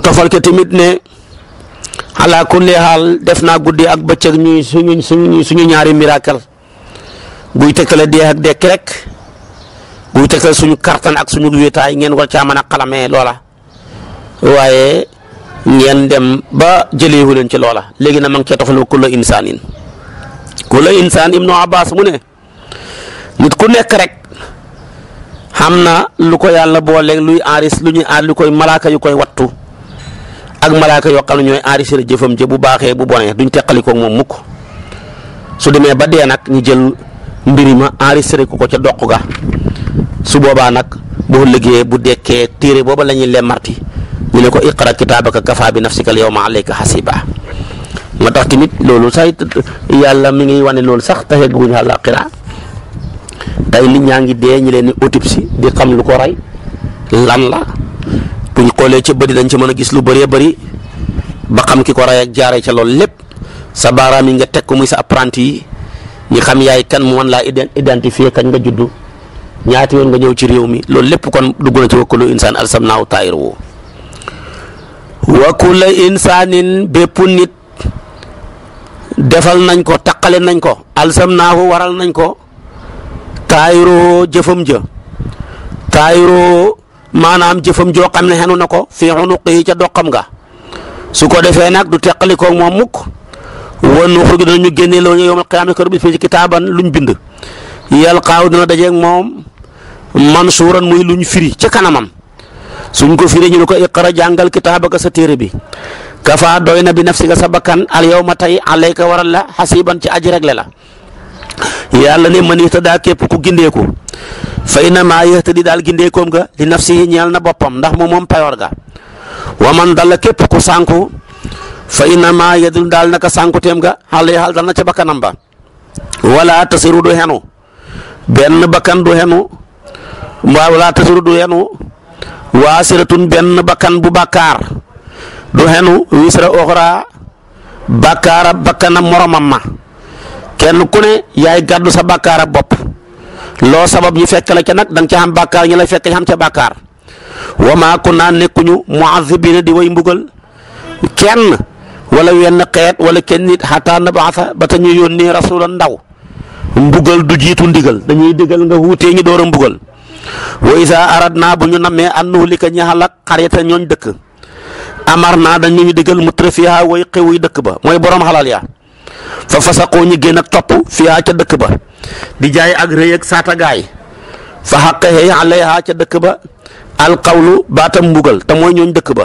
kafal ke timit ne ala kulli hal gudi ak becc ak ñuy suñu suñu suñu ñaari miracle buy tekkale dee ak dekk rek buy tekkale suñu kartan ak suñu wetaay ngeen war caa mën xalamé lola waye ngeen dem ba wu len ci lola legi na ma ngi cee kullu insanin kullu insan ibnu abbas mu ne nit ku nekk rek xamna lu ko yalla bolé luy aris luñu ar lu koy malaaka yu koy wattu ak malaaka yokkal xam ne ñooy enregistré jëfam ja bu baaxee bu bonee duñ teqalikoog moom mukk su demee ba dee nag ñu jël mbiri ma enregistré ko ko ca doq ga su boobaa nag boo liggéeyee bu dekkee téere booba lañuy leen lemarti ñu ne ko iqra kitaabaka kafaa bi si nafsika al-yawma alayka hasiba moo tax tamit loolu sax yàlla mi ngi wane loolu sax taxe guñu àllaaxira tey nit ñaa ngi dee ñu leen di autopsie di xam lu ko rey lan la buñ xoolee ca bëri dañ ci mën a gis lu baree bëri ba xam ki ko rey ak jaaree ca loolu lépp sa baaraam yi nga teg ko muy sa apprenti yi ñi xam yaay kan mu mën laa identifier kañ nga juddu ñaati yoon nga ñëw ci réew mi loolu lépp kon dugg na ci wakkulul insaan alsamnaahu taayir woo wakkula insaanin bépp nit defal nañ ko taqale nañ ko alsamnaahu waral nañ ko taayiroo jëfam jë taayiroo maanaam jëfëm joo xam ne xenu na ko fi unuqi ca doqam nga su ko defee nag du teqalikoog moom mukk wan xuruj danañu génne loo ñu yowmal qiyaama kër bi fi kitaaban luñ bind yal dina dana dajeeg moom mansuuran muy luñ firi ca kanamam suñ ko firi ñu ne ko iqra jàngal sa téere bi kafa doyna bi nafsi nga sa bakkan al yawma tey alayka waral la xasiban ci aji regle la ne képp ku gindeeku fa inna maa yahtadi daal gindeekoom nga li nafsihi ñeel na boppam ndax mu moom payoor ga wa dalla képp ku sànku fa inna maa yadul daal naka sànkuteem nga xale xal dal na ca bakkanam ba wala tasiru du xenu benn bakkan du xenu wala tasiru du benn bakkan bu bàkkaar du xenu wisra oxra bàkkaara bakkanam moromam ma kenn ku ne yaay gàddu sa bàkkaara bopp loo sabab ñu fekk la ca nag da nga ca am bàkkaar ñu lay fekk ñu am ca bàkkaar wa maa kunna nekkuñu muazibina di way mbugal kenn wala wenn xeet wala kenn nit xataa nabaasa ba te ñu yónnee rasulan ndaw mbugal du jiitu ndigal dañuy digal nga wuutee ñu door a mbugal wa isa aradna bu ñu nammee an nuhlika ñaxalak xaryata ñooñ dëkk amar naa dañu ñu digal mutrafiha way xewuy dëkk ba mooy borom xalal ya fa fasaqoo ñi génn ak topp fiyaa ca dëkk ba di jaay ak rëy ak saatagaay fa xaqee alayha ca dëkk ba alqawlu baatam mbugal te mooy ñooñ dëkk ba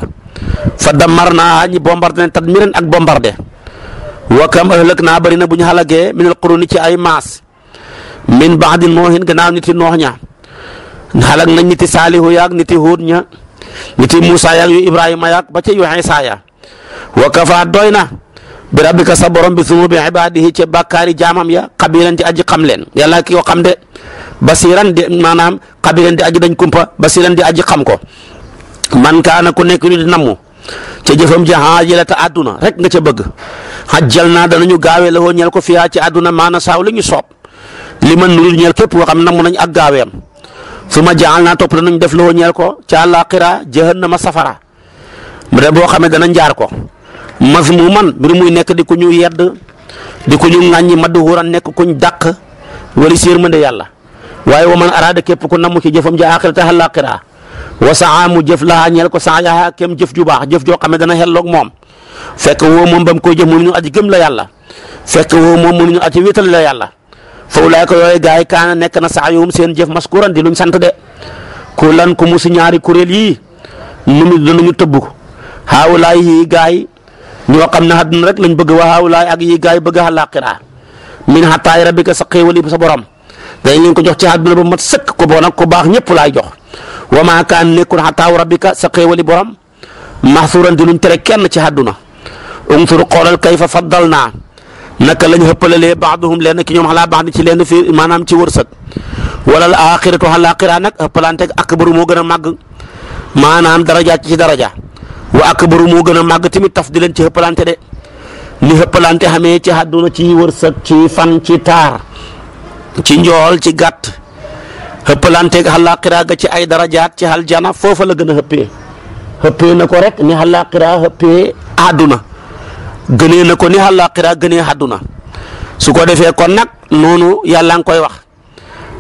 fa dammar naa ñi bombardé ne tadmiran ak bombardé wa kam ahlak naa bëri na bu ñu xalagee min alquruni ci ay maas min baadin noohin gannaaw nit yi noox ña xalag nañ nit yi yaag nit yi ña nit yi yaag yu Ibrahima yaag ba ca yu Iisaa ya wa doy na bi rabbika sa borom bi sumu bi ibaadihi ci bàkkaari jaamam ya xabiran di aji xam leen yàlla ki ko xam de basiran di maanaam xabiran di aji dañ kumpa basiran di aji xam ko man kaana ku nekk ñu di namm ca jëfam ja jëla ta àdduna rek nga ca bëgg xajjal naa ñu gaawee la woo ñel ko fiyaa ci àdduna maana saaw la ñu soob li man nurul ñel képp koo xam namm nañ ak gaaweem su ma jaal naa topp ñu def la woo ko ca àllaaxira jahannama safara mu de boo xamee dana njaar ko man mbir muy nekk di ko ñu yedd di ko ñu ŋàññi madhuuran nekk kuñ dàq wala si yërmande yàlla waaye wa man araada képp ku namm ci jëfam ja aaxirataha laaxira wa saa mu jëf laa ñeel ko saa yaa jëf ju baax jëf joo xam ne dana xelloog moom fekk woo moom ba mu koy jëf mënuñu aji gëm la yàlla fekk woo moom mënuñu aji wétal la yàlla fa ulaay ko yooyu gars yi kaana nekk na saa yowum seen jëf maskuran di luñ sant de ku lan ku mu ñaari kuréel yii mu mu danañu tëbb xaawulaay yii gars yi ñoo xam ne àdduna rek lañ bëgg waxaawulaay ak yi gaay yi bëgg àllaaxira min xataay rabbika saqee wali yi sa borom dañ leen ko jox ci àdduna ba mat sëkk ko bon ak ko baax ñëpp laay jox wa maa kaan nekkul xataaw rabbika saqee wali borom maxsuuran di luñ tere kenn ci àdduna unsur xoolal kayfa faddal naa naka lañ xëppalalee baaduhum lenn ki ñoom xalaa baax di ci lenn fii maanaam ci wërsëg wala al axiratu xalaaxira nag xëppalanteeg akbaru moo gën a màgg maanaam darajaat ci daraja wa akbaru moo gën a màgg tamit taf di leen ci xëppalante de li xëppalante xamee ci àdduna ci wërsëg ci fan ci taar ci njool ci gàtt xëppalanteeg àllaaxira ga ci ay darajaat ci aljana foofa la gën a xëppee na ko rek ni àllaaxira xëppee àdduna gënee na ko ni àllaaxira gënee àdduna su ko defee kon nag noonu yàlla nga koy wax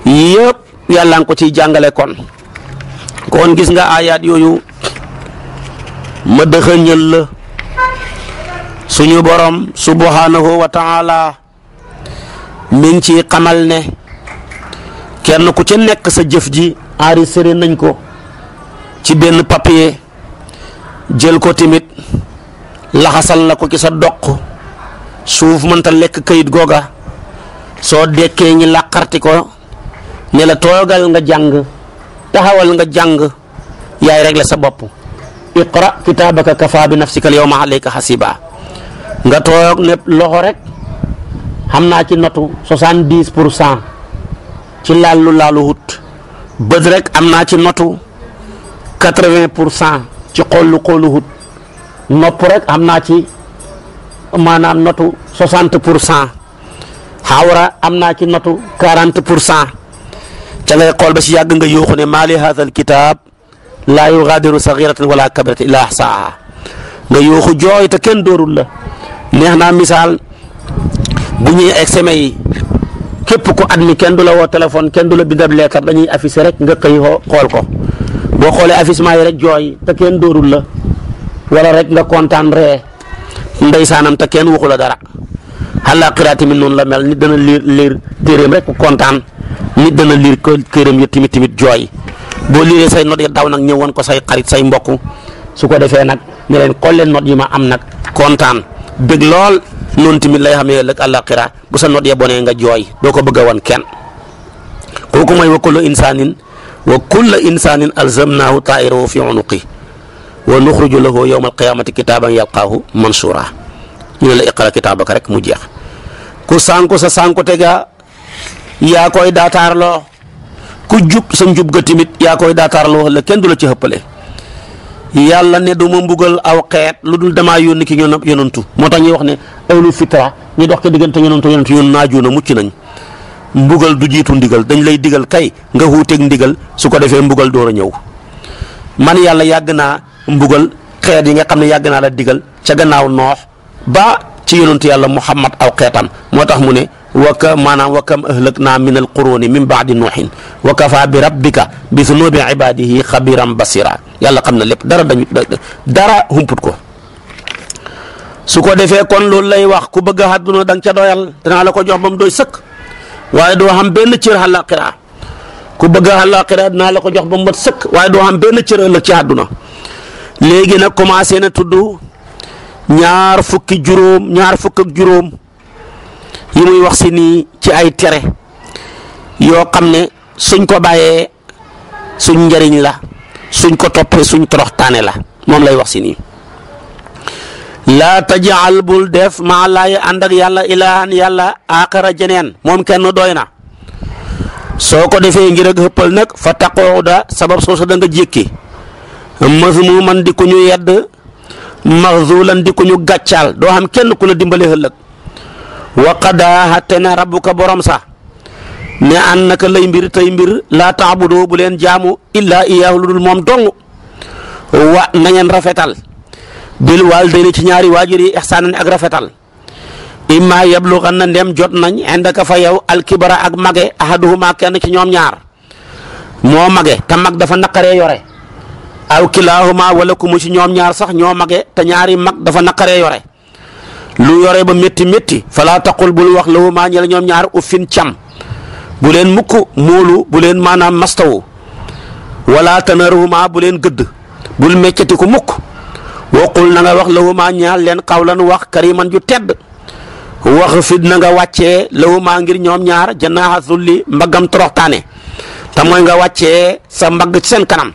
yëpp yàlla nga ko ciy jàngale kon kon gis nga ayaat yooyu. ma dëxëñal la suñu borom subhanahu wa taala mi ngi ciy xamal ne kenn ku ci nekk sa jëf ji enregistré nañ ko ci benn papier jël ko tamit laxasal la ko ci sa doq suuf mënta lekk kayit googa soo dekkee ñi làqarti ko ne la toogal nga jàng taxawal nga jàng yaay la sa bopp iqra kitaabaka kafa bi nafsika al yawma alayka hasiba nga toog ne loxo rek xam naa ci notu soixante dix pour cent ci laalu laalu wut bët rek am naa ci notu quatre vingt pour cent ci xollu xollu wut nopp rek am naa ci maanaam notu soixante pour cent xawra am naa ci notu quarante pour cent ca ngay xool si yàgg nga yuuxu ne maali haazal kitaab laa yugaadiru saxiratan wala kabirata illa ahsaaha nga yooxu jooy te kenn dóorul la neex naa misaal bu ñuy examen yi képp ku admis kenn du la woo téléphone kenn du la bindab leetar dañuy affiché rek nga xëy xool ko boo xoolee affichement yi rek jooy te kenn dóorul la wala rek nga kontaan ree ndeysaanam te kenn waxu la dara xalaa qiraa mi noonu la mel nit dana liir liir téeréem rek ku kontaan nit dana liir këram yi tamit tamit jooy boo liiree say notes ya ñëw woon ko say xarit say mbokk su ko defee nag ne leen xool leen ma am nag kontaan bëgg lool noonu tamit lay xamee ëllëg àllaaxira bu sa notes ya bonee nga jooy doo ko bëgg a wan kenn kooku mooy wa kullu insaanin wa kulla insaanin alzamnaahu taa'irahu fi unuqi wa nuxriju lahu yowma alqiyaamati kitaaban yalqaahu mansuura ñu ne la iqra kitaabaka rek mu jeex ku sànku sa sànku tega yaa koy daataarloo ku jub sa njub ga tamit yaa koy daataar la wax la kenn du la ci xëppale yàlla ne du ma mbugal aw xeet lu dul damaa yónni ki ñoom yonantu moo tax ñuy wax ne awlu fitra ñu dox ci diggante yonantu yonantu yoon naajuuna mucc nañ mbugal du jiitu ndigal dañ lay digal kay nga wuuteeg ndigal su ko defee mbugal door a ñëw man yàlla yàgg naa mbugal xeet yi nga xam ne yàgg naa la digal ca gannaaw noox ba ci yonantu yàlla muhammad aw xeetam moo tax mu ne waka maanaam wa kam ahlakna min alquruni min baadi nuuhin wa kafa bi rabbika bi zunubi ibadihi xabiran basira yàlla xam na lépp dara dañu dara humput ko su ko defee kon loolu lay wax ku bëgg a àdduna da ca doyal danaa la ko jox ba doy sëkk waaye doo xam benn cër àllaaxira ku bëgg a àllaaxira dinaa la ko jox ba mu mat sëkk waaye doo xam benn cër ci àdduna léegi nag commencé na tudd ñaar fukki juróom ñaar fukk ak juróom. yi muy wax ci ni ci ay téré yo xamné suñ ko bayé suñ njariñ la suñ ko topé suñ tané la mom lay wax ci ni la taj'al bul def ma la ya andak yalla ilahan yalla akhara jenen mom kenn doyna soko defé ngir ak heppal nak fa taqooda sabab soosa da nga mazmu man di ko ñu yedd mazulan di ko ñu gatchal do xam kenn ku la wa qadaa xatte na rabbuka borom sa ne an naka lay mbir tey mbir laa taabudu bu leen jaamu illaa iyaahu lu dul moom dong wa na ngeen rafetal bil waalidayni ci ñaari waajur yi ixsaanan ak rafetal imma yablugan na ndem jot nañ indaka fa yow alkibara ak mage ahaduhuma kenn ci ñoom ñaar moo mage ta mag dafa naqaree yore aw kilaahuma wala ku mu ci ñoom ñaar sax ñoo mage te ñaari mag dafa naqaree yore lu yore ba métti métti falaa taqul bul wax lawu maa ñela ñoom ñaar uffin cam bu leen mukk moolu bu leen maanaam mastawu wala tanarhuma bu leen gëdd bul meccati ku mukk waqul na nga wax lawuma ñaal leen xawlan wax kariman ju tedd wax fid na nga wàccee lawuma ngir ñoom ñaar janaaxa zulli mbaggam toroxtaane te mooy nga wàccee sa mbagg ci seen kanam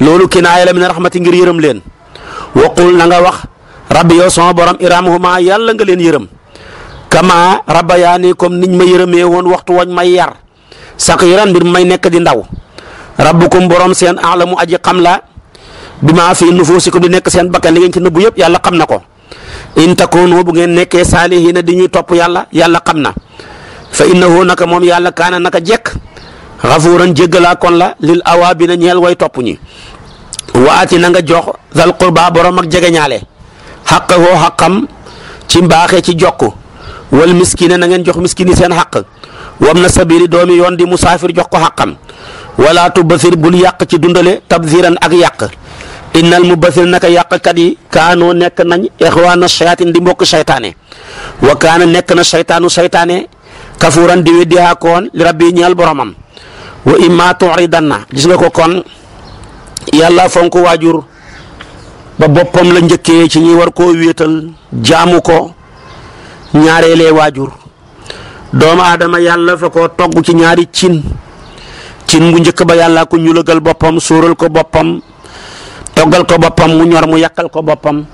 loolu naa la min rahmati ngir yërëm leen waqul na nga wax rabbi yoo sama borom irhamhumaa yàlla nga leen yërëm kama rabbayaani comme niñ ma yërëmee woon waxtu wañ may yar saqiran mbir may nekk di ndaw rabbukum borom seen alamu aji xam la bi maa fi nufuusikum di nekk seen bakkan li ngeen ci nëbbu yëpp yàlla xam na ko in takunu bu ngeen nekkee saalihiina di ñuy topp yàlla yàlla xam na fa innahu naka moom yàlla kaana naka jekk xafuuran jéggalaa kon la lil awaabina ñeel way topp ñi waati na nga jox zal qurba xaq woo xaqam ci mbaaxee ci jokk wal miskine na ngeen jox miskini seen xaq wam na sabili doomi yoon di musaafir jox ko xaqam wala tubasir bul yàq ci dundale tabziran ak yàq mu mubasir naka yàqkat yi kaanoo nekk nañ ixwaana shayatin di mbokk saytaane wa kaana nekk na seytaanu saytaane kafuuran di weddi haakoon li rabbi boromam wa imma tuuridanna gis nga ko kon yàlla fonk waajur ba bopam la ñëkke ci ñi war ko wétal jaamu ko ñaareelee wajur doom adama yalla fa ko togg ci ñaari cin cin bu njëkk ba yalla ko ñulagal bopam sóoral ko bopam togal ko bopam mu ñor mu yakal ko boppam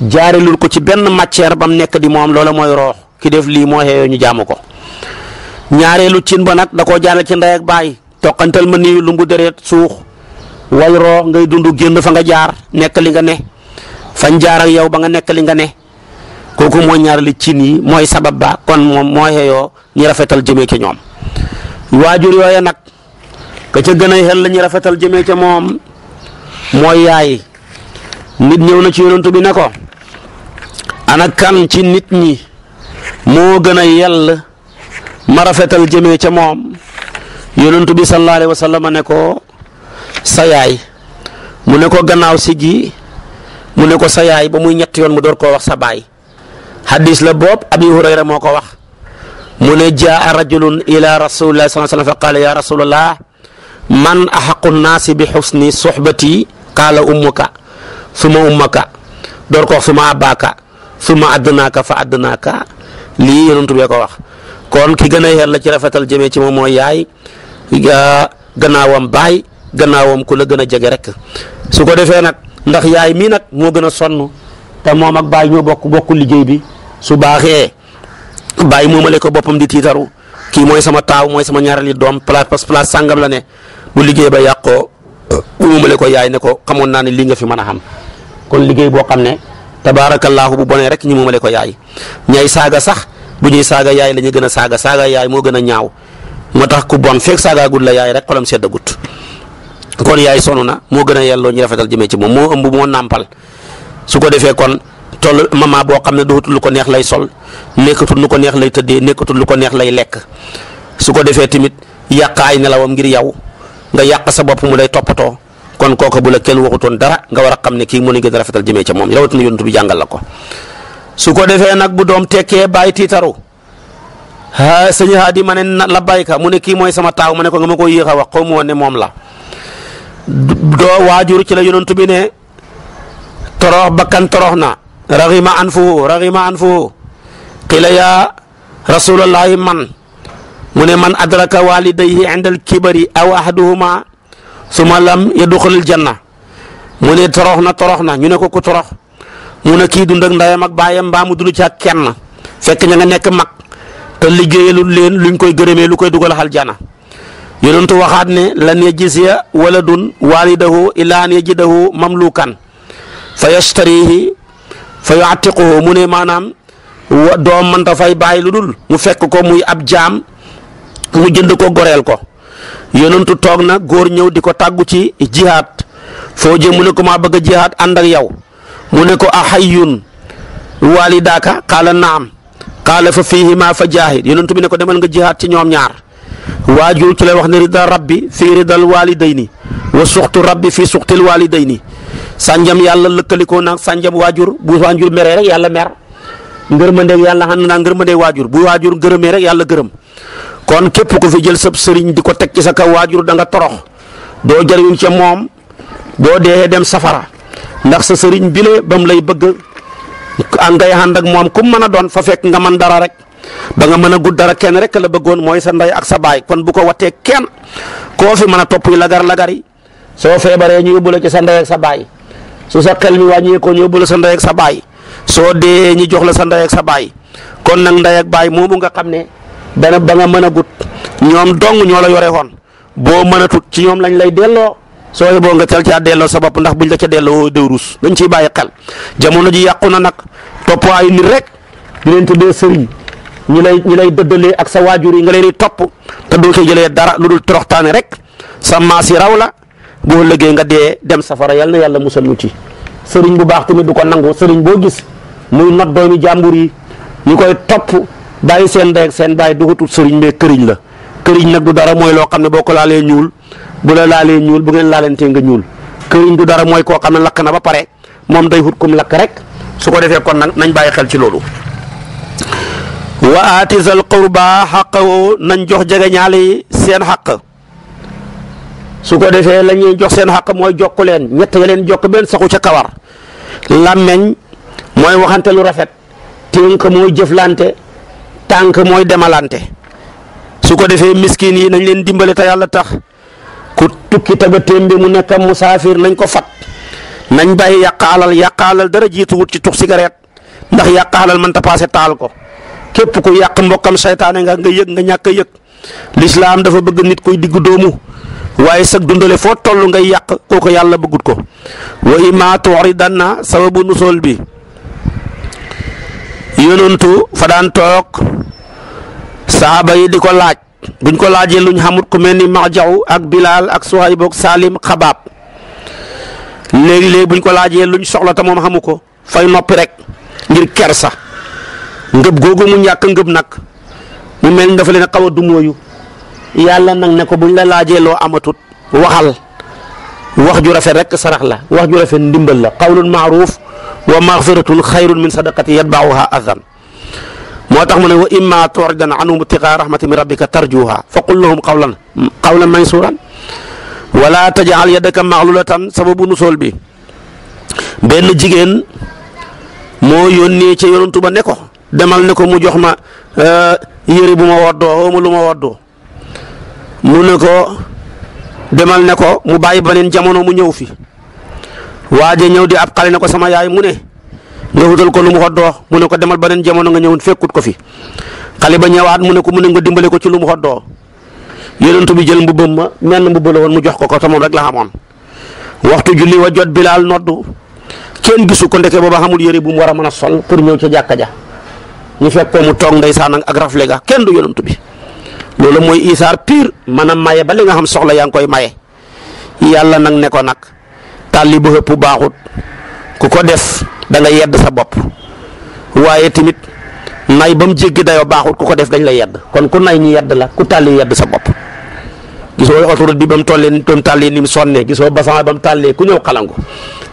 jaarelul ko ci benn matière bam nekk di moom loola mooy roox ki def lii moo xeeyoo ñu jaamu ko ñaareelu cin ba nag da ko jaaral ci ndey ak bàyyi ma nii mu dereet suux wayroo ngay dund génn fa nga jaar nekk li nga ne fañ jaar ak yow ba nga nekk li nga ne kooku mooy ñaareelu cin yi mooy sabab ba kon moom moo xëyoo ñi rafetal jëmee ca ñoom waajur yooya nag ca gën a xel ñi rafetal jëmee ca moom mooy yaay nit ñëw na ci yonantu bi ne ko ana ci nit ñi moo gën a yell ma rafetal jëmee ca moom yonantu bi sallallahu alayhi wa sallam ne ko sa yaay mu ne ko gannaaw si gi mu ne ko sa yaay ba muy ñett yoon mu door koo wax sa baay hadis la bob abi hurayra moko wax mu ne jaa rajulun ila rasulillahi sallallahu alaihi wasallam sallam fa qala ya rasulullah man an nnaasi bi husni suhbati qala ummuka suma ummaka door ko suma abaka suma adnaka fa adnaaka lii yonentu be ko wax kon ki gëna a la ci rafetal jëme ci mom moy yaay gënaawam baay gannaawam ku la gën a jege rek su ko defee nag ndax yaay mii nag moo gën a sonn te moom ak baay ñoo bokk bokku liggéey bi su baaxee baay moomale ko boppam di tiitaru kii mooy sama taaw mooy sama ñaareeli doom place place sàngam la ne bu liggéey ba yàqoo bu moomale ko yaay ne ko xamoon naa ne lii nga fi mën a xam kon liggéey boo xam ne tabaarakallaahu bu bonee rek ñu moomale ko yaay ñay saaga sax bu ñuy saaga yaay lañuy gën a saaga saaga yaay moo gën a ñaaw moo tax ku bon feeg saagaagul la yaay rek xolam seddagut kon yaay sonu na moo gën a yelloo ñu rafetal jëmee ci moom moo ëmb moo nàmpal su ko defee kon toll mama boo xam ne dootul lu ko neex lay sol nekkatul lu ko neex lay tëddee nekkatul lu ko neex lay lekk su ko defee tamit yàq ay nelawam ngir yow nga yàq sa bopp mu lay toppatoo kon kooka bu la kenn waxutoon dara nga war a xam ne kii mënuñ gën rafetal jëmee ca moom rawatina yonent bi jàngal ko. su ko defee nag bu doom tekkee bàyyi tiitaru ah sëñ di ma ne la bàyyi ka mu ne kii mooy sama taaw ma ne ko nga ma ko yéex a wax xaw ma woon ne moom la do waajur ci la yonentou bi ne torox bakkan torox na raghima anfu raghima anfu qila ya rasulullahi man mune man adraka walidayhi inda al-kibri aw ahaduhuma suma lam yadkhul al-janna mune torox na torox na ñu ko ku torox mune ki dund ak ndayam ak bayam ba mu dulu ci ak kenn fekk nga nek mak te len luñ koy lu koy hal janna yonentu waxaat ne lan yajziya waladun waalidahu illaa an yajidahu mamlukan fa yastarihi fa yuatiquhu mu ne maanaam doom mënta fay bàyyi lu dul mu fekk ko muy ab jaam mu jënd ko goreel ko yonentu toog na góor ñëw di ko tàggu ci jihaad foo jëm mu ne ko maa bëgg a jihaad ànd ak yow mu ne ko ahayyun waalidaaka qaala naam qaala fa fiihima fa jaahid yonentu bi ne ko demal nga jihaad ci ñoom ñaar waajur ci lay wax ne ridal rabbi fii ridal walidayni wa suxtu rabbi fii suxtil ni sànjam yàlla lëkkalikoo naag sànjam waajur bu waajur meree rek yàlla mer ngërmandeeg yàlla xam naa ngërmandeeg waajur bu waajur gërëmee rek yàlla gërëm kon képp ku fi jël sab sëriñ di ko teg ci sa kaw waajur da nga torox doo jariñ ca moom boo dee dem safara ndax sa sëriñ bile ba mu lay bëgg a ngay ànd ak moom ku mën a doon fa fekk nga man dara rek. ba nga mën gudd dara kenn rek la bëggoon mooy sa nday ak sa baay kon bu ko watee kenn ko fi mën a yi lagar lagar yi soo ñu yobul ci sa nday ak sa baay su sa xel mi ko ñu yobul sa nday ak sa baay soo dee ñi jox la sa nday ak sa baay kon nak nday ak baay moomu nga xam ne ba nga mën gudd dong ñoo la yore bo boo tut ci ñoom lañ lay delloo soo yeboo ya nga tel ci delloo sa bop ndax buñ la ci delloo de rus dañ ci bàyyi xel jamono ji yaquna nak top ay rek di len tuddé sëriñ ñu lay ñu lay dëddalee ak sa waajur yi nga leen di topp te doo ci jëlee dara lu dul toroxtaane rek sa maas yi raw la boo lëggee nga dee dem safara yàlla yàlla musal ñu ci sëriñ bu baax tamit du ko nangu sëriñ boo gis muy not doomi jàmbur yi ñu koy topp bàyyi seen ndey ak seen bàyyi dugatul sëriñ mais këriñ la këriñ nag du dara mooy loo xam ne boo ko laalee ñuul bu la laalee ñuul bu ngeen laalentee nga ñuul këriñ du dara mooy koo xam ne lakk na ba pare moom day hut kum lakk rek su ko defee kon nag nañ bàyyi xel ci loolu wa zal qurba haqqahu nañ jox jege ñaali seen haqq su ko defé la ñuy jox seen haqq moy jokulen leen ñett ya leen jokk benn saxu ci kawar làmmeñ moy waxante lu rafet tënk moy jëflante tank moy demalante su ko defé miskin yi nañ len dimbalé ta yalla tax ku tukki taga témbi mu nekk musafir nañ ko fat nañ baye yaqalal yaqalal dara wut ci tuk cigarette ndax yaqalal man ta passé tal ko kep ku yak mbokam seytaane nga nga yek nga ñak yek l'islam dafa bëgg nit koy digg doomu waaye sag dundale foo toll ngay yàq kooku yalla bëggut ko wa ima tu'ridanna sababu nusul bi yonuntu fa dan tok sahaba yi di ko laaj buñ ko laajé luñ xamut ku melni ak bilal ak suhaib ak salim khabab léegi-léegi buñ ko laajé luñ soxla ta mom xamuko fay nopi rek ngir kersa ngëb googu mu ñàkk ngëb nag mu mel ni dafa leen xaw a dumóoyu yàlla nag ne ko buñ la laajee loo amatut waxal wax ju rafet rek sarax la wax ju ndimbal la qawlun maaruf wa maxfiratun xayrun min sadaqati yatbauha adan moo tax mu ne wa imma tu'ridan anhum ibtigaa rahmati min rabbika tarjuha fa qul lahum qawlan qawlan maysuran wala tajal yadaka maxlulatan sababu nusool bi benn jigéen moo yónnee ca yonantu ba ne demal ne ko mu jox ma eh, yére bu ma woddoo xawma lu ma woddoo mu ne ko demal ne ko mu bàyyi beneen jamono mu ñëw fi waaje ñëw di ab xale ne ko sama yaay mu ne nga wutal ko lu mu xoddoo mu ne ko demal beneen jamono nga ñëwun fekkut ko fi xale ba ñëwaat mu ne ko mu ne nga dimbale ko ci lu mu xoddoo yonentu bi jël mbubbam ma menn mbubba la mu jox ko ko sama rek la xamoon waxtu julli wa jot bilal noddu kenn gisu ko ndeke booba xamul bu mu war a sol pour ñëw ca jàkka ja ñu fekk ko mu toog ndeysaan ak rafle ga kenn du yonantu bi loolu mooy isaar man maanaam maye ba li nga xam soxla yaa ngi koy maye yàlla nag ne ko nag tàlli bu xëpp baaxut ku ko def da nga yedd sa bopp waaye tamit nay ba mu jéggi dayoo baaxut ku ko def dañ la yedd kon ku nay ñu yedd la ku tàlli yedd sa bopp gisoo autoroute bi ba mu tollee ni mu tàllee ni mu sonnee gisoo basan ba mu tàllee ku ñëw xalangu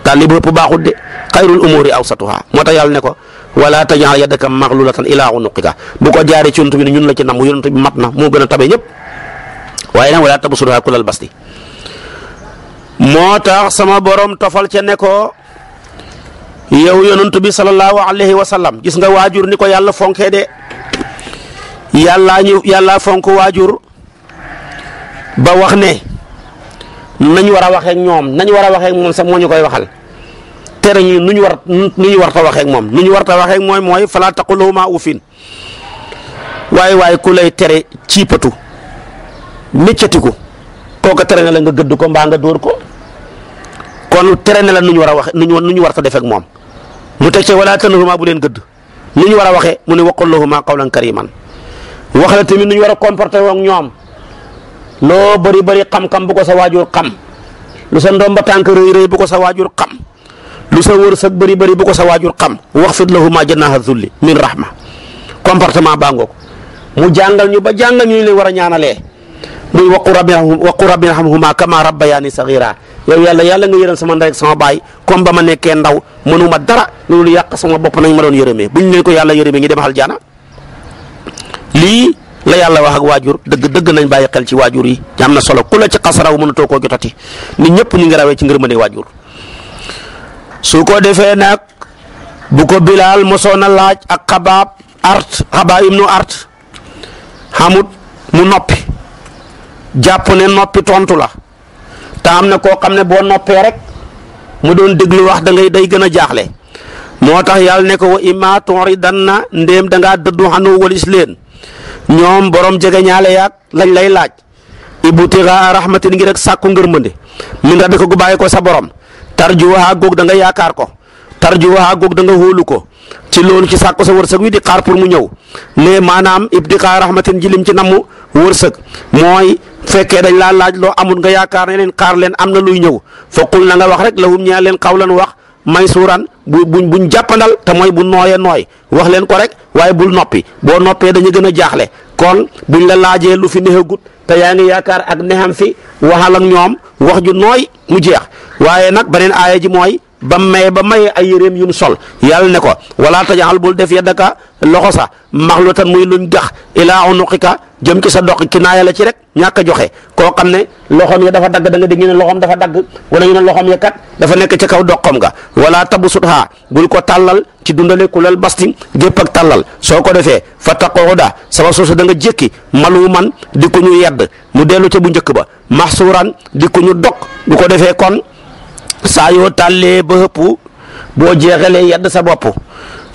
tàlli bu xëpp baaxut de xayrul umuri awsatuha moo tax yàlla ne ko wala taj'al yadaka maghlulatan ila unuqika bu ko jaari ci yonent bi ñun la ci nam yonent bi matna mo gëna gën tabe ñëpp wala tabsuruha kulal basti moo sama borom tofal ci neko ko yow yonent bi sallallahu alayhi wa sallam gis nga waajur ni ko yalla fonkee de yalla ñu yalla fonku wajur ba wax ne nañ wara waxe ak nañ wara waxe ñu waxal tere ñu nuñu war nuñu war ta waxe ak mom nuñu war ta waxe ak moy moy fala taqulu ma ufin way way ku lay tere ci patu meccatiku koko téré na la nga gëdd ko mba nga door ko kon tere na la nuñu wara wax nuñu nuñu war ta def ak mom mu tek ci wala tanhuma bu len gëdd nuñu wara waxe mu ni ma qawlan kariman wax la tamit nuñu wara comporter ak ñom lo bari bari xam xam bu ko sa wajur xam lu sa ndomba tank reey reey bu ko sa wajur xam lu sa wërsëg bari bari bu ko sa wajur xam lahu ma jannaha zulli min rahma comportement baa ngoog mu jangal ñu ba jàngal ñu leen wara ñaanale ñaanalee muy waqu hamu waqu rabbirahuma kama rabbayani saghira yow yalla yalla nga yërëm sama ndey ak sama bay kom ba ma nekké ndaw mënuma dara loolu yaq sama bop nañ ma doon yërëmee buñ leen ko yalla yërëmee ngi dem aljana li la yalla wax ak wajur deug deug nañ baye xel ci wajur yi am solo kula ci xas raw to ko jotati ni ñepp ñu ngi rawé ci wajur su ko defee nag bu ko bilaal mosoon a laaj ak xabaab art xabaab ibnu art xamut mu noppi jàpp ne noppi tontu la te am na koo xam ne boo noppee rek mu doon déglu wax da ngay day gën a jaaxle moo tax yàlla ne ko wa imma turidanna ndéem da ngaa dëddu xanu walis leen ñoom boroom jege ñaale yaag lañ lay laaj ibtigaa rahmatin ngi rek sàkku ngërmande min rabbika gu bàyyi ko sa borom tarjuwaha goog da nga yaakaar ko tarjuwaha goog da nga hóolu ko ci loolu ci sàkko sa wërsëg wi di xaar pour mu ñëw mais maanaam di ibtiqaa rahmatin ji lim ci namm wërsëg mooy fekkee dañ laa laaj loo amul nga yaakaar ne leen xaar leen am na luy ñëw foqul na nga wax rek lahum ñaa leen xawlan wax may suuraan bu buñ buñ jàppandal te mooy bu nooyee nooy wax leen ko rek waaye bul noppi boo noppee dañu gën a jaaxle kon ñu la laajee lu fi neexagut te yaa ngi yaakaar ak nexam fi waxal ak ñoom wax ju nooy mu jeex waaye nag neen aaya ji mooy ba may ba may ay yëreem yum sol yàlla ne ko wala tajaxal bul def yaddaka loxo sa maxlutan muy luñ jax ilaa unuqika jëm ci sa doq naa la ci rek ñàkk a joxe koo xam ne loxoom ya dafa dagg danga nga dégg ñu ne loxoom dafa dagg wala ñu ne loxoom ya kat dafa nekk ci kaw doqam ga wala tabsut haa bul ko tàllal ci dundale kulal basti gépp ak tàllal soo ko defee fa taquda sabab soosu da nga jékki maluuman di ko ñu yedd mu dellu ca bu njëkk ba maxsuuran di ko saa yoo tàllee ba hëpp boo le yedd sa bopp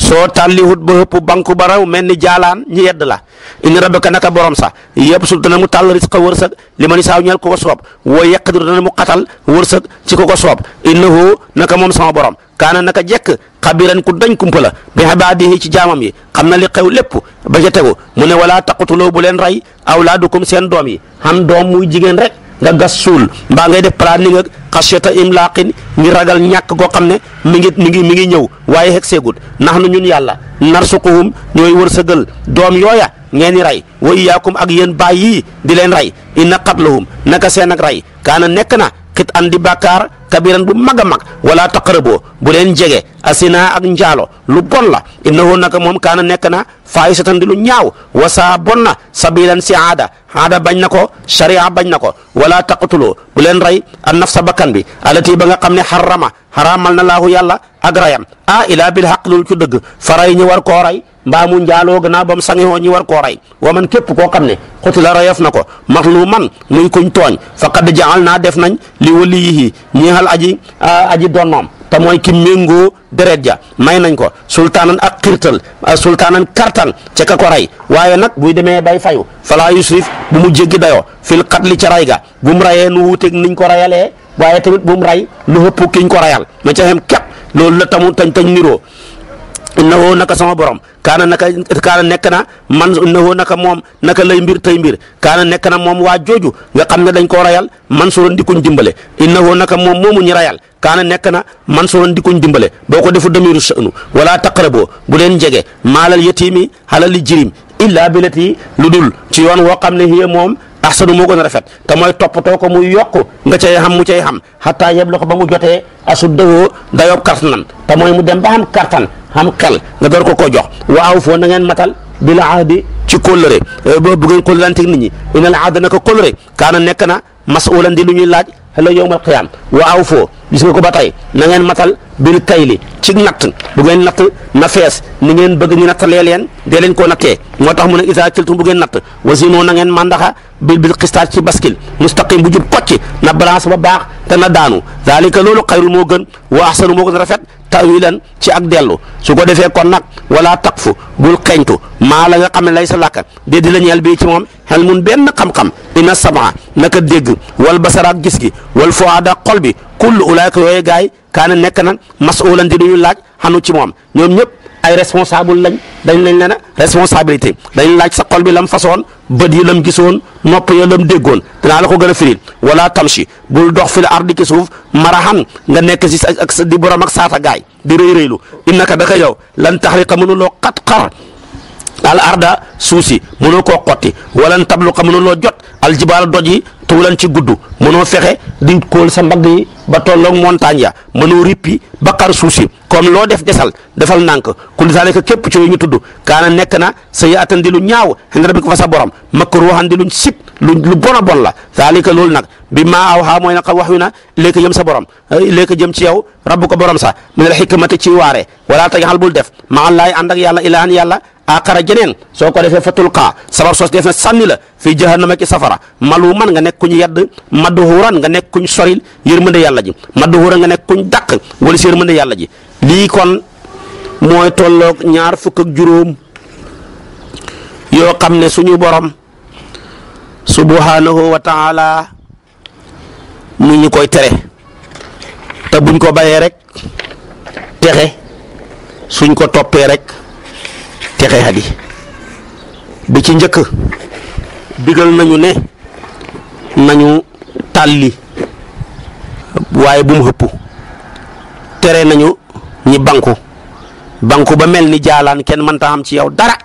soo tàlliwut ba hëpp banku ba raw mel ni jaalaan ñi yedd la inna rabbaka naka borom sa yëpp sul dana mu tàll risqa wërsëg li ma ni saaw ñel ko soob woo yeqadiru dana mu xatal wërsëg ci ko ko soob innahu naka moom sama borom kaana naka jekk xabiran ku dañ kumpa la bi ibaadihi ci jaamam yi xam na li xew lépp ba ca tegu mu ne walaa taqutuloo bu leen rey awlaadukum seen doom yi xam doom muy nga gas suul mbaa ngay def planning ak xasiyata imlaaqin ngi ragal ñàkk koo xam ne mi ngi mi ngi mi ngi ñëw waaye xeg seegut nax na ñun yàlla narsuquhum ñooy wërsëgal doom yooya ngeen di rey wa iyaakum ak yéen baay yii di leen rey inna qatlahum naka seen ak ray kaana nekk na xit an di bàkkaar kabiran bu mag a mag wala taqaraboo bu leen jege asina ak njaalo lu bon la innahu naka moom kaana nekk na fahisatan di lu ñaaw wasaa bon na sabilan si aada aada bañ na ko sharia bañ na ko wala taqatuloo bu leen rey an nafsa bakkan bi alati ba nga xam ne xarama na laahu yàlla ak rayam ah ilaa bil xaq loolu ci dëgg faray ñi war koo mbaa mu njaaloo gannaaw bam mu sangewoo ñi war koo rey wa man képp koo xam ne xutila rayef na ko maxluuman muy kuñ tooñ faqad jaal naa def nañ li waliyihi ñeexal aji ah, aji donnoom te mooy ki méngoo deret ja may nañ ko sultaanan ak xirtal ah, sultaanan kartan ca ka ko rey waaye nag buy demee bay fayu falaa yusrif bu mu jéggi dayo fil xatli ca ray ga bu mu rayee nu wuuteeg niñ ko rayalee waaye tamit bu mu ray lu hëpp kiñ ko rayal ma ca xem képp loolu la ta tañ tañ niroo inna woo naka sama borom kaana naka kaana nekk na man nawoo naka moom naka lay mbir tey mbir kaana nekk na moom waa jooju nga xam ne dañ koo rayal man suroon di kuñ dimbale innawoo naka moom mu ñu rayal kaana nekk na man suroon di kuñ dimbale boo ko defu damiru sha'nu wala boo bu leen jege maalal yatiimi halali jirim illaa bilati lu dul ci yoon woo xam ne hiya moom axsanu moo gën a rafet te mooy toppatoo ko muy yokk nga cay xam mu cay xam xataa yeb la ko ba mu jotee asuddahu dayoob kartanam te mooy mu dem ba xam kartan xam xel nga door ko koo jox wa aw foo na ngeen matal bil ahdi ci kóllëre eh, boo bëggee kóllëranteeg nit ñi inal ahda naka kóllëre kaana nekk na masulan di lu ñuy laaj xëla yowmal qiyaam wa aw foo gis ko ba tey na ngeen matal bil kayli ci natt bu ngeen natt na fees ni ngeen bëgg ñu nattalee leen dee leen koo nattee moo tax mu ne isa kiltum bu ngeen natt wasinoo na ngeen mandaxa bil bil xistaat ci baskil mustaqim bu jub kocc na balance ba baax te na daanu zalika loolu xayrul moo gën wa ahsanu moo gën rafet tawilan ci ak dellu su ko defee kon nag wala taqfu bul xeeñtu maa la nga xam ne lay sa làkk de la ñeel bii ci moom xel mun benn xam-xam ina samaa naka dégg wal basara ak gis gi wal fuaada xol bi kullu ulaayka yooyu gaay kaana nekk na masulan di duñu laaj xanu ci moom ñoom ñëpp ay responsable lañ dañ lañ leen a responsabilité dañ laaj sa xol bi lam façon bët yi lam gisoon nopp ya lam déggoon dinaa la ko gën a firil wala tamshi bul dox fi la ardi ci suuf maraxan nga nekk si ak sa di borom ak saata gaay di rëy rëylu innaka daka yow lan taxriqa mënuloo xat xar al arda suuf si mënoo koo xotti walan tabluqa mënuloo jot al jibaal doj yi tuulan ci gudd mënoo fexe di kóol sa mbagg yi ba tolloog montagne ya mënoo rippi ba kar suuf si comme loo def desal defal nànk kul zalika képp ci yooyu ñu tudd kaana nekk na sa yi lu ñaaw xen rabbi ko fa sa borom makruhan di luñ sib lu lu bon a bon la zalika loolu nag bi maa aw xaa mooy na xam wax wi na ilayka jëm sa borom eh, ilayka jëm ci yow rabbu ko borom sa min al hikmati ci waare wala tajaxal bul def ma allahi ànd ak yàlla ilahan yàlla aqara jeneen soo ko defee fa tulqaa sabab sos def na sànni la fii jahannama ki safara maluuman nga nekk kuñ yedd madhuuran nga nekk kuñ soril yërmande yàlla ji madhuuran nga nekk kuñ dàq wala si yërmande yàlla ji lii kon mooy tolloog ñaar fukk juróom yoo xam ne suñu borom subhanahu wa taala mu ñu koy tere te buñ ko bayee rek texe suñ ko toppee rek texe hadi bi ci njëkk digal nañu ne nañu tàlli waaye bu mu tere nañu ñi banku banku ba mel ni jaalaan kenn mënta am ci yow dara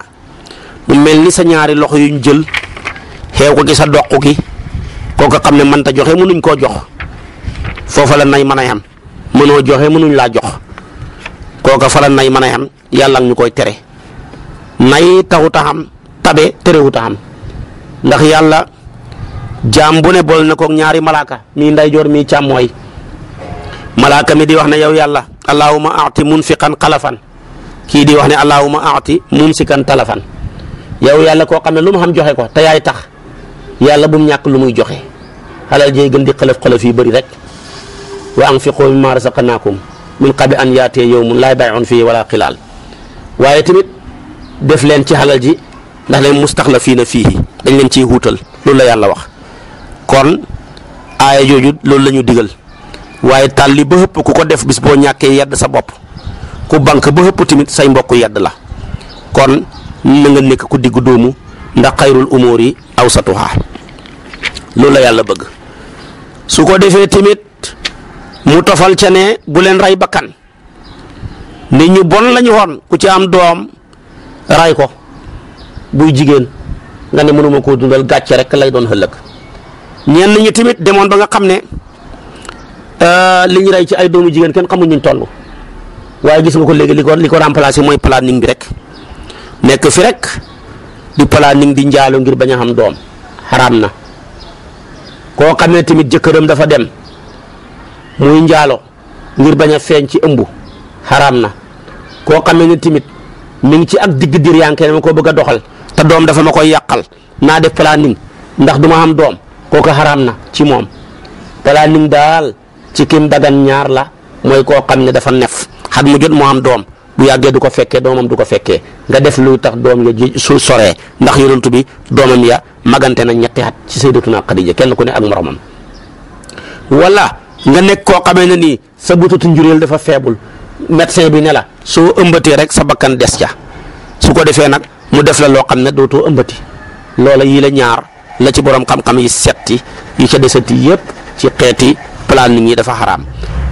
mu mel ni sa ñaari loxo yuñ jël xeew ko ci sa doq gi kooku xam ne mënta joxe mënuñ koo jox foofa la nay mën a yam mënoo joxe mënuñ laa jox koo kooka fa la nay mën a yam yàlla ñu koy tere nay taxut a xam tabe terewut a xam ndax yàlla jaam bu ne bool na koog ñaari malaaka mii ndeyjoor mii càmmooy malaaka mi di wax ne yow yàlla allahuma aati munfiqan xalafan kii di wax ne allahuma aati mumsikan talafan yow yàlla koo xam ne lu mu xam joxe ko te yaay tax yàlla bu mu ñàkk lu muy joxe xalal jëy gën di xalaf xalaf yi bëri rek wa anfiqu mimma razaqnaakum min qabli an yaatee yawmun lay bay'un fiihi wala xilaal waaye tamit def len ci halal ji ndax fi na fiihi dañ len ci wuutal loolu la yalla wax kon aya joju loolu lañu ñu digal waaye ba hepp ku ko def bis bo ñaké yedd sa bop ku bank ba hepp timit say mbokk yedd la kon na nga nekk ku digg doomu ndax khairul umuri awsatuha aw loolu la yalla bëgg su ko defé timit mu tofal ci ne bu len ray bakkan ni ñu bon lañu woon ku ci am doom ray ko buy jigen nga ne mënuma koo dundal gatch rek lay don xëllëg ñen ñi timit demone ba nga xamne euh li ñu rey ci ay doomu jigen ken xamu ñu tollu waye gis nga ko liko liko remplacer moy planning bi rek nek fi rek di planning di njaalo ngir baña Haramna. xam doom haram na ko xamne timit jëkkëram dafa dem muy njaalo ngir baña feñ ci haram na ko xamne timit mi ngi ci ak digg dir yaa ngi ko bëgg doxal te dom dafa ma koy yàqal na def planning ndax duma am dom koko haram na ci mom planning dal ci kim dagan ñaar la moy ko xamne dafa nef xat mu jot mo am dom bu yagge du ko fekkee doomam du ko nga def lu tax dom nga ya ji su sore ndax yonantu bi domam ya magante na ñetti at ci sayyidatuna Khadija kenn ku ne ak moromam wala nga nek ko xamene ni nii sa butatu dafa faible médecin bi ne la soo ëmbatee rek sa bakkan des ca su ko defee nag mu def la loo xam ne dootoo ëmbati loola yii la ñaar la ci borom xam-xam yi setti yi ca desati yëpp ci xeeti nit ñi dafa xaraam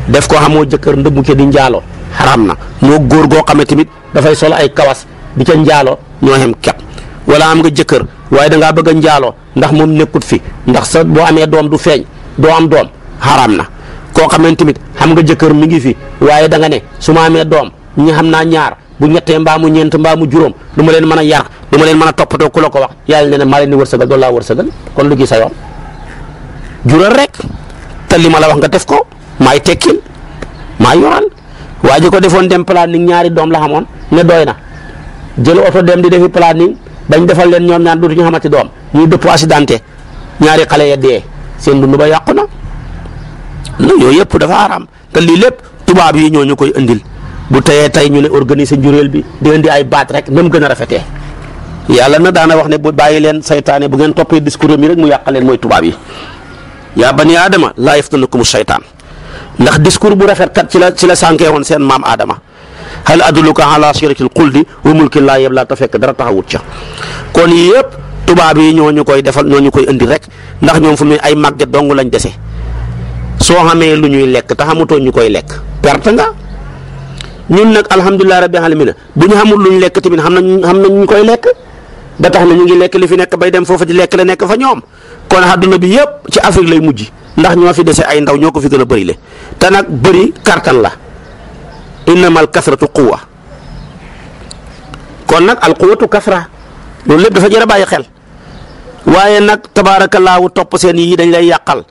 def ko xamoo jëkkër ndëmb ke di njaalo xaraam na moo góor goo xam ne dafay sol ay kawas di ca njaalo ñoo xem kepp wala am nga jëkkër waaye dangaa ngaa a njaalo ndax moom nekkut fi ndax sa boo amee doom du feeñ doo am doom xaraam na koo xam ne tamit xam nga jëkkër mi ngi fi waaye da nga ne su ma amee doom ñi xam naa ñaar bu ñettee mbaamu mu ñeent mbaa juróom du ma leen mën a yar du ma leen mën a toppatoo ku la ko wax yàlla ne ne maa leen di wërsëgal doolu laa wërsëgal kon lu gi sa yoon jural rek te li ma la wax nga def ko maay tekkil maay yoral ko defoon dem planning ñaari doom la xamoon ne doy na jël oto dem di defi planning bañ defal leen ñoom ñaar dootuñu xamati doom ñuy dëpp accidenté ñaari xale ya dee seen dund ba yàqu na nu yooyu yep dafa haram te li lepp tubab yi ñoo ñukoy andil bu teyee tay ñu ne organiser njuréel bi di andi ay baat rek nam gëna a yalla na daana wax ne bu bayi len shaytané bu gën topé discours mi rek mu yàq moy tubab yi ya bani adama la yaftanukumu shaytan ndax discours bu rafet kat ci la ci la sanké won sen mam adama hal aduluka ala shirkil quldi wa mulki la yabla ta fek dara taxawut ci kon yep tubab yi ñoo ñukoy defal ñoo ñukoy andi rek ndax ñoom fu ay magge dong lañ so xamé lu ñuy lek ta xamuto ñukoy lek perte nga ñun nak alhamdulilah rabbi alamina bu ñu xamul lu ñu lekk tamit xam nañ ñu koy ba tax na ñu ngi lek li fi nek bay dem fofu di lek la nek fa ñoom kon àdduna bi yeb ci afrique lay mujj ndax ñoo fi déssé ay ndaw ñoko fi gëna bari le te nag kartan la innamal kasratu quwwa kon nak al quwwatu kasra lu lepp dafa jara baye xel waye nak tabaarakallaahu top seen yi dañ lay yakal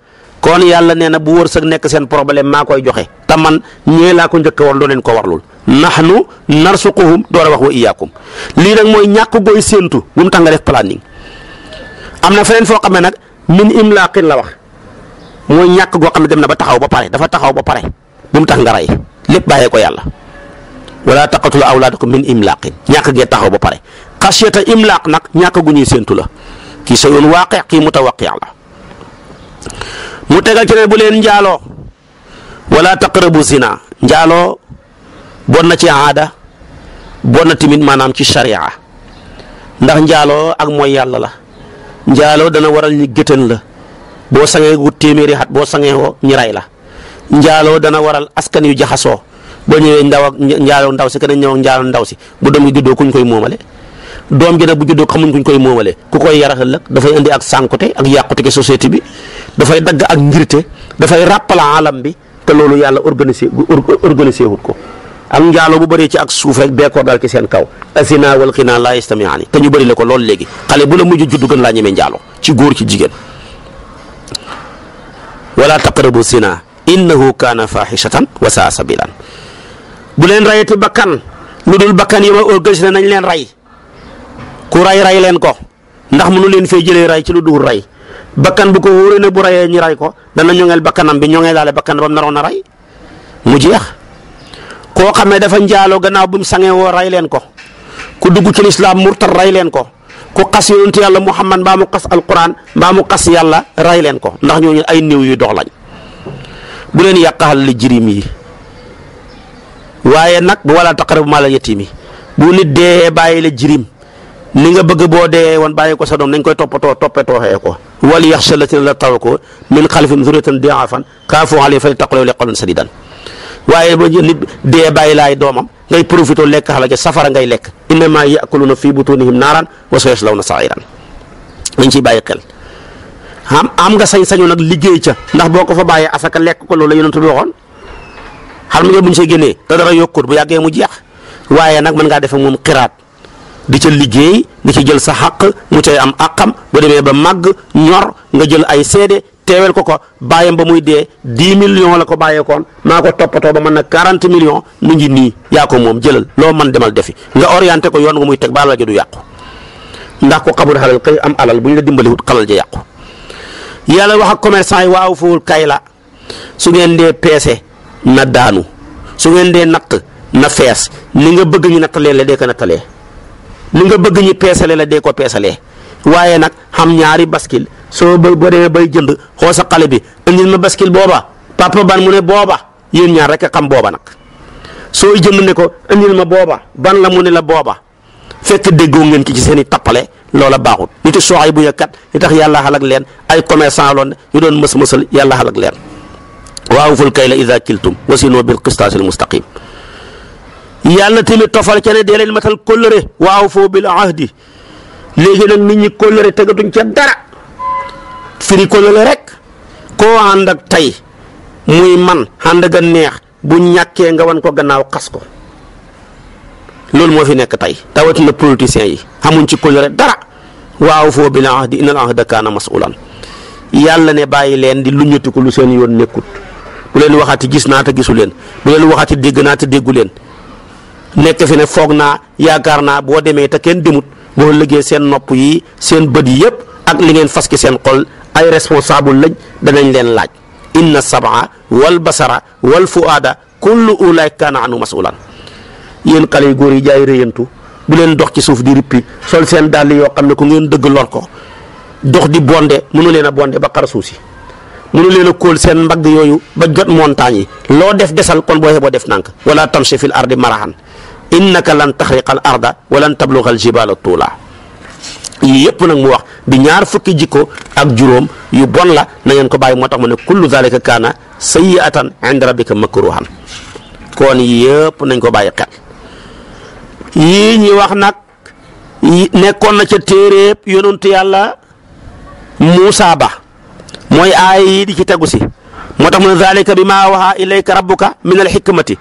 kon yàlla nee na bu wërsëg nekk seen problème maa koy joxe te man ñee laa ko njëkk a war doo leen ko warlul nahnu narsuquhum door a wax wa iyaakum lii nag mooy ñàkk gooy séentu bu mu tax nga def planning am na feneen foo xam ne nag min imlaaqin la wax mooy ñàkk goo xam ne dem na ba taxaw ba pare dafa taxaw ba pare bu mu tax nga rey lépp bàyyee ko yàlla wala taqatulu awlaadakum min imlaaqin ñàkk gee taxaw ba pare xasiyata imlaaq nag ñàkk gu ñuy séentu la kii sa yoon waaqe kii mutawaqi la mu tegal ci ne bu leen njaaloo wala taqrabu zina njaaloo bon na ci aada bon na tamit maanaam ci sharia ndax njaaloo ak mooy yàlla la njaaloo dana waral ñi gëtën la boo sangee wut téeméeri xat boo sangee woo ñi ray la njaaloo dana waral askan yu jaxasoo boo ñëwee ndaw ak njaaloo ndaw si keneen ñëw ak njaaloo ndaw si bu doom yi juddoo kuñ koy moomale doom gi nag bu juddoo xamuñ kuñ koy moomale ku koy yaraxal ëllëg dafay indi ak sànkute ak yàqute ke bi dafay dagg ak ngirte dafay ràppala alam bi te loolu yàlla organisé organisé wut ko ak njaalo bu bëree ci ak suuf rek beekoor daal ci seen kaw asina wal xinaa laa yastamiaani te ñu bëri la ko loolu léegi xale bu la mujj juddu gën laa ñeme njaalo ci góor ci jigéen wala taqrabu zina innahu kaana fahishatan wa saa sabilan bu leen rayati bakkan lu dul bakkan yi ma organisé nañ leen ray ku rey ray leen ko ndax mënu leen fee jëlee rey ci lu dul ray bakkan bu ko wóoree ne bu raye ñi ray ko dana ñongel bakkanam bi dalé bakkan bam naroon a ray mu jeex ko xamé dafa njaaloo gannaaw bu mu sangee ray leen ko ku duggu ci l'islam murtar ray leen ko ku qas yunt yalla muhammad ba mu qas alquran ba mu qas yalla ray leen ko ndax ñoo ay néew yu dox lañ bu len yàqaal li jirim yi waaye nag bu wala taqrabu mala yatimi bu nit baye le jirim ni nga bëgg boo dee woon bàyyi ko sa doom nañ koy toppatoo toppatooxee ko wal yaxsha llaziina la taraku min xalfihim zurriyatan di'aafan xaafu alayhim falyattaqu lekk wa yaqulu qawlan sadiidan waaye ba nit dee bàyyi laay doomam ngay profité lekk xala ca safara ngay lekk innamaa ya'kuluuna fii butuunihim naaran wa sayaslawna sa'iiran dañ ciy bàyyi xel am am nga sañ-sañu nag liggéey ca ndax boo ko fa bàyyee asaka lekk ko loolu la yonent bi waxoon xam nga buñ see génnee ta dara yokkut bu yàggee mu jeex waaye nag mën ngaa defe moom xiraat di ca liggéey di ci jël sa xaq mu cay am àqam bu demee ba màgg ñor nga jël ay seede teewel ko ko bàyyam ba muy dee dix millions la ko bàyyeekoon maa ko toppatoo ba mën na quarante millions mu ngi nii yaa ko moom jëlal loo man demal defi nga orienté ko yoon nga muy teg ba alal ja du yàqu ndax ko xabul xalal kay am alal bu ñu la dimbaliwut xalal ja yàqu yàlla wax ak commerçant yi waaw fowul kay la su ngeen dee peese na daanu su ngeen dee natt na fees ni nga bëgg ñu nattalee la dee ko nattalee li nga bëgg ñu peesale la dee ko peesalee waaye nag xam ñaari baskil soo ba boo bay jënd xoo sa xale bi indil ma baskil booba papa ban mu ne booba yen ñaar rek a xam booba nag sooy jënd ne ko indil ma booba ban la mune la booba fekk déggoo ngeen ki ci seen i tappale loola baaxut nit sooxay bu kat li tax yàlla xalak leen ay commerçant loon ñu doon mës-mësal yàlla xalak leen waaw ful kay la ida kiltum wasinoo bil qistaas al mustaqim yàlla tamit tofal ca ne dee leen matal kóllëre waaw foo bil ahdi léegi nag nit ñi kóllëre tegatuñ ca dara firi kóllëre rek koo ànd tey muy man ànd ga neex bu ñàkkee nga wan ko gannaaw xas ko loolu moo fi nekk tey rawatina politiciens yi amuñ ci kóllëre dara waaw foo bil ahdi innal ahda kaana masulan yàlla ne bàyyi leen di luññati ko lu seen yoon nekkut bu leen waxati gis naa te gisu leen bu leen waxati dégg naa te déggu leen nekk fi ne foog naa yaakaar naa boo demee te kenn demut boo liggéey seen nopp yi seen bët yi yëpp ak li ngeen fas ki seen xol ay responsable lañ danañ leen laaj inna sabaa wal basara wal fuaada kullu ulaay kaana anu masulan yéen xale yu góor yi jaay réyantu bu leen dox ci suuf di rippi sol seen dàll yoo xam ne ku ngeen dëgg lor ko dox di bonde mënu leen a bonde ba xar suuf si mënu leen a kóol seen mbagg yooyu ba jot montagne yi def desal kon boo xeboo def nank wala tamshi fil ardi marahan innaka lan kal arda wa lan tabluga al jibala tula binyar fukijiko nag mu wax di ñaar fukki jikko ak juróom yu bon la na ngeen ko bàyyi moo tax ne kullu zalika kana sayiatan inda rabbika makruhan kon yëpp nañ ko bàyyi xel yi ñi wax nag nekkoon na ca téeréeb yonentu yàlla ba mooy aay yi di ci tegu si moo tax mu ne bi maa waxa ilayka rabbuka min al xikmati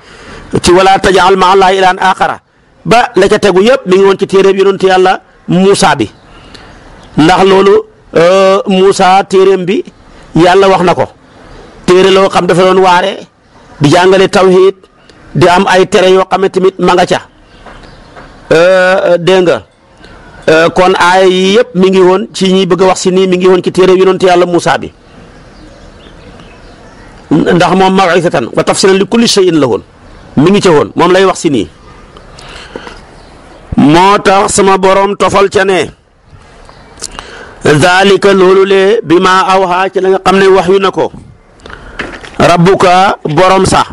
ci wala tajal ma allahi ilaan axara ba la ca tegu yëpp mi ngi woon ci téeréem yonent yàlla Muusa bi ndax loolu euh, Muusa téeréem bi yàlla wax na ko téere loo xam dafa doon waare di jàngale tawhid di am ay tere yoo xam ne tamit ma nga ca euh, euh, dégg Euh, kon ay yep mi ngi won ci ñi bëgg wax ci ni mi ngi won ci téré yonent yalla Moussa bi ndax moom ma'isatan wa tafsilan li kulli shay'in lahun mi ngi ci won moom lay wax ci ni motax sama borom tofal ci ne zalika lulule le awha ci la nga xamne wax rabbuka borom sa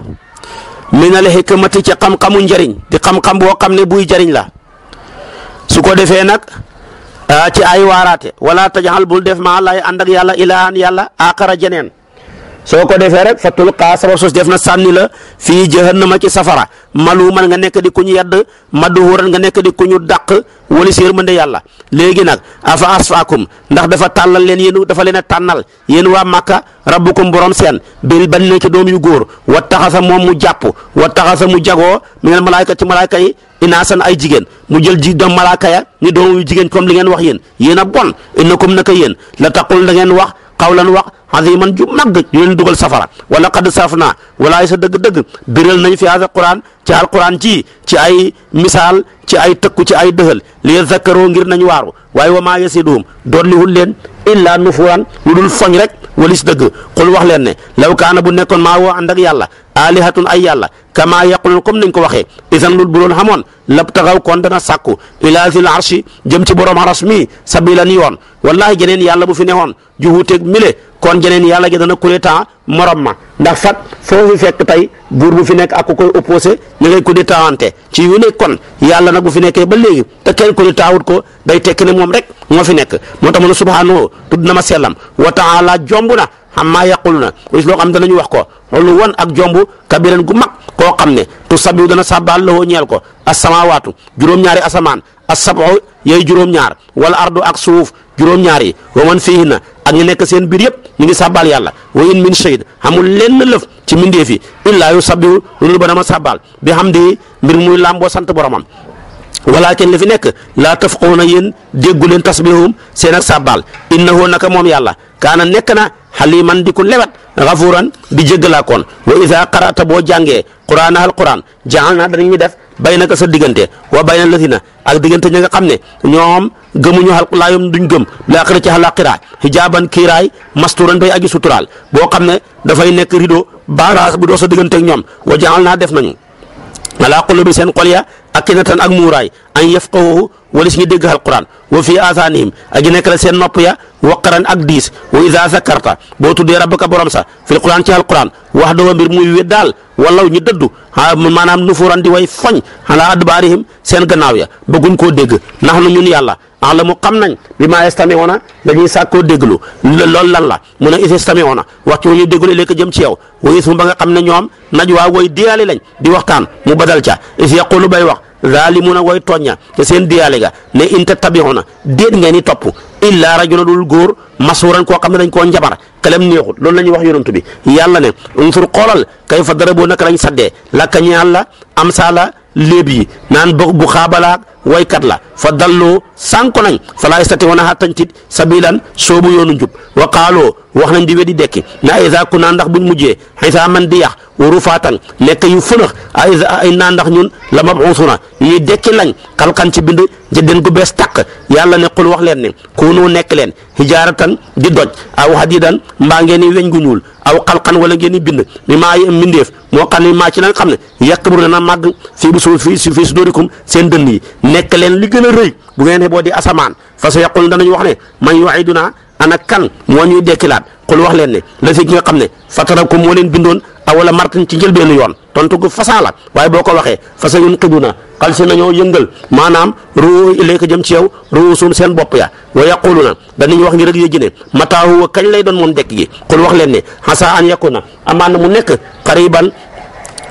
min al hikmati ci xam-xamu njariñ di xam-xam bo xamne buy jariñ la su ko defee nag ah, ci ay waaraate wala tajaxal bul def maa lay ànd ak yàlla ilahan yàlla akara jeneen soo ko defee rek fattul xaa sabab sos def na sànni la fi fii ma ci safara maluuman nga nekk di ku ñu yedd madhuuran nga nekk di ku ñu dàq wala séer mën de yàlla léegi nag afa asfaakum ndax dafa tàllal leen yéen dafa leen a tànnal yéen waa màkka rabbukum borom seen bil ban ne ci doom yu góor wa taxasa moom mu jàpp wa taxasa mu jagoo mi ngeen malaayka kay malaayka yi inaasan ay jigéen mu jël ji doom malaaka ya ni doom jigéen comme li ngeen wax yéen yéen a bon innakum naka yéen la taqul da ngeen wax xawlan wax aziman ju màgg ñu leen dugal safara wala qad sarafna walaay sa dëgg-dëgg biral nañu fi haada quran ci alquran ci ci ay misaal ci ay tëkku ci ay dëxal li yazakkaroo ngir nañ waaru waaye wa maa yasiduhum dolliwul leen illaa nufuran lu dul foñ rek walis dëgg xul wax leen ne law kaana bu nekkoon maa woo ànd ak yàlla alihatun ay yàlla kama yaqulun comme nañ ko waxee isan lul bu doon xamoon lab taxaw kon dana sàkku ilaa zil arshi jëm ci borom a mi sabilan yoon wallahi jeneen yàlla bu fi newoon ju wuuteeg mile kon jeneen yàlla gi dana kuré temps morom ma ndax fat foo fekk tey buur bu fi nekk ak ku koy opposé ñu ngay ko di taawante ci yu ne kon yàlla nag bu fi nekkee ba léegi te kenn ko di taawut ko day tekki ne moom rek moo fi nekk moo tax mu ne subhaanahu tudd na ma sellam wa taala jomb na amma yaquluna loo xam danañu wax ko xolu won ak jomb kabiran gu mag koo xam ne tu sabiw dana sabbal la ñeel ko asamawaatu juróom-ñaari asamaan asab'u yooyu juróom-ñaar wala ardu ak suuf juróom-ñaar yi wa man fiihinna ak ñu nekk seen biir yëpp ñu ngi sàbbaal yàlla wa in min shay'in amul lenn lëf ci mbindeef yi illaa yusabbihu lu dul ba dama sàbbaal bi hamdihi mbir muy làmboo sant boromam walaakin li fi nekk laa tafqahuuna yéen déggu leen tasbihum seen ak sàbbaal innahu naka moom yàlla kaana nekk na xaliman di ku lewet gafuuran di jéggalaa koon wa idaa qara'ta boo jàngee quraana al quraan jaxal naa danañu def baynaka sa diggante wa bayna lazina ak diggante ña nga xam ne ñoom gëmuñu xal laayum duñ gëm laaxira ci àllaaxira hijaaban kiiraay mastuuran bay aji suturaal boo xam ne dafay nekk rido baaraas bu doo sa digganteeg ñoom wa jaxal def nañu alaa qulubi seen xol ya akinatan ak muuraay an yafqahuhu wala su ñu dégg alquran wa fi asaanihim ak yi nekk la seen nopp ya waqaran ak diis wa ida zakarta boo tuddee rabbaka borom sa fil quran ci alquran wax doo mbir muy wéet daal walaw ñu dëddu ah maanaam nufuran di way foñ ala adbaarihim seen gannaaw ya bëgguñ koo dégg ndax nu ñun yàlla ala mu xam nañ bi ma yastami'una dañuy sàkkoo dégglu loolu lan la mu ne wax yastami'una waxtu ñu dégglu ilayka jëm ci yow wa is mu ba nga xam ne ñoom naj waa woy diyaale lañ di waxtaan mu badal ca is yaqulu bay wax zalimuna way tooña te seen diyaale ga ne in tattabi'una déet ngeen i topp illa rajula dul góor masuuran koo xam ne dañ koo njabar kalam neexut loolu la ñuy wax yonent bi yàlla ne unsur xoolal kay fa dara boo naka lañ saddee lakka ñaan la am saala léeb yi naan bu xaabalaak waykat la fa dalloo sànko nañ falaa yastati'uuna xattantit sabilan soobu yoonu njub wa qaaloo wax nañ di weddi dekki na isa ku naa ndax buñ mujjee isa man di yax waru faatan nekk yu fënax a isa ay naa ndax ñun la mabuusuna ñuy dekki lañ xalqan ci bind jëddeen gu bees takk yàlla ne wax leen ne kuunu nekk leen hijaaratan di doj aw hadidan mbaa ngeen i weñ gu ñuul aw xalqan wala ngeen i bind mi maa yi mbindeef moo xam ne maa ci la nga xam ne yàqbur na na màgg su fii fii su seen dënn yi nekk leen li gën a rëy bu ne boo di asamaan fa sa yaqul danañu wax ne man duna ana kan moo ñuy dekkilaat xul wax leen ne la si nga xam ne fatara ko moo leen bindoon awala martin ci njëlbeenu yoon tontu gu fasaala waaye boo ko waxee fasa yun xiduna xal si nañoo yëngal maanaam ruu ilayka jëm ci yow ruusum seen bopp ya wa yaquluna danañ wax ngi rek yëji ne mataahuwa kañ lay doon moon dekk gi xul wax leen ne xasa an yakuna amaan na mu nekk xariban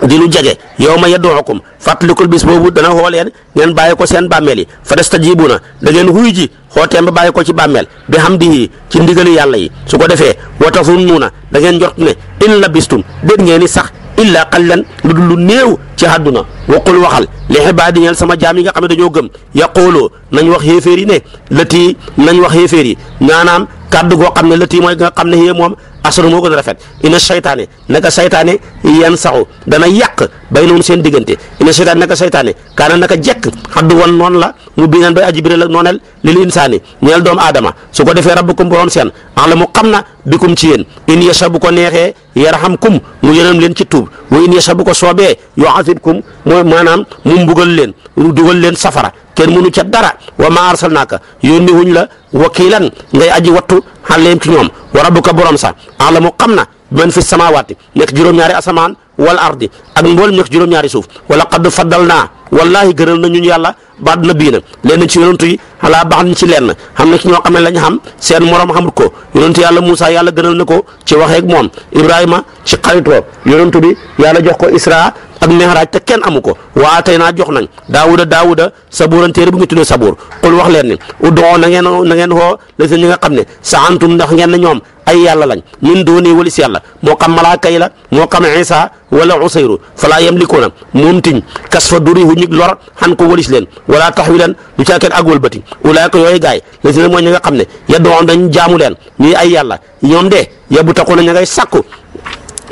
di lu jege yow ma yad'ukum fàttalikul bis boobu dana xoo leen ngeen bàyyi ko seen bàmmeel yi fa tastajibuuna da ngeen xuy ji xooteen ba bàyyi ko ci bàmmeel bi hamdihi ci ndigali yàlla yi su ko defee wa tazunnuuna da ngeen njort ne in labistum déet ngeen i sax illaa qallan lu dul lu néew ci àdduna waqul waxal li di ngeen sama jaam yi nga xam ne dañoo gëm yaqooloo nañ wax xéeféer yi ne lëtii nañ wax xéeféer yi maanaam kàddu goo xam ne lëtii mooy nga xam ne xëye moom asanu moo gën a rafet ina seytaane naka seytaane yan saxu dana yàq bay na noonu seen diggante ina seytaane naka seytaane kaana naka jekk xaddu woon noonu la mu binan bay aji biral ak nooneel lil insaani ñeel doomu aadama su ko defee rabbukum borom seen an la mu xam na bikum ci yéen in yasha bu ko neexee yarhamkum mu yërëm leen ci tuub wa in yasha bu ko soobee yu'azibkum mooy maanaam mu mbugal leen dugal leen safara kenn mënu ca dara wa maa arsalnaaka yónni wuñ la wakiilan ngay aji wattu xaleem ci ñoom wa rabbuka borom sa alamu xam na man fi samaawaati nekk juróom-ñaari asamaan wal ardi ak mboolem nekk juróom-ñaari suuf wa laqad faddal naa wallaahi gënal na ñun yàlla baat la bii nag lenn ci yonantu yi xalaa baax nañ ci lenn xam na ci ñoo xam ne lañ xam seen morom xamut ko yonantu yàlla Moussa yàlla gënal na ko ci waxeeg moom Ibrahima ci xaritoo yonantu bi yàlla jox ko Isra ak mihraaj te kenn amu ko waa tey naa jox nañ daawuda daawuda sabuuran téere bu ngi tuddee sabuur xul wax leen ni uddoo na ngeen na ngeen woo la seen ñi nga xam ne saantum ndax ngeen ne ñoom ay yàlla lañ min dooni walis yàlla moo xam malaaka yi la moo xam isa wala usayru falaa yamlikuuna moom tiñ kas fa duri hu ñig lor xan ko walis leen wala taxwilan du caakeen ak wëlbati ulaayka yooyu gaay la si ne mooy ñi nga xam ne yaddoon dañ jaamu leen ñuy ay yàlla ñoom de yebbu taxu na ña ngay sàkku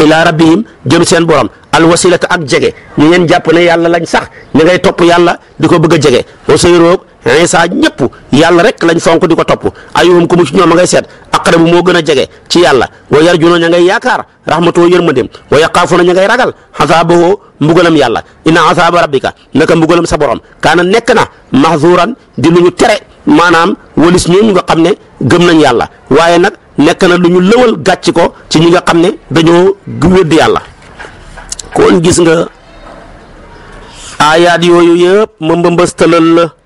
ilaa rabbihim jëm seen borom alwasilata ak jege ñu ngeen jàpp ne yàlla lañ sax ña ngay topp yàlla di ko bëgg a jege wa roog Isa ñëpp yàlla rek lañ fonk di ko topp ayuhum ku mu ci ñoom a ngay seet aqrabu moo gën a jege ci yàlla wa yarjuna ña ngay yaakaar rahmatoo yërmandeem wa yaqaafuna ña ngay ragal xasaabahu mbugalam yàlla inna asaaba rabbika naka mbugalam sa borom kaana nekk na mahzuran di lu ñu tere maanaam walis ñooñu nga xam ne gëm nañ yàlla waaye nag nekk na lu ñu lëwal gàcc ko ci ñi nga xam ne dañoo weddi yàlla kon gis nga aayaat yooyu yëpp ma la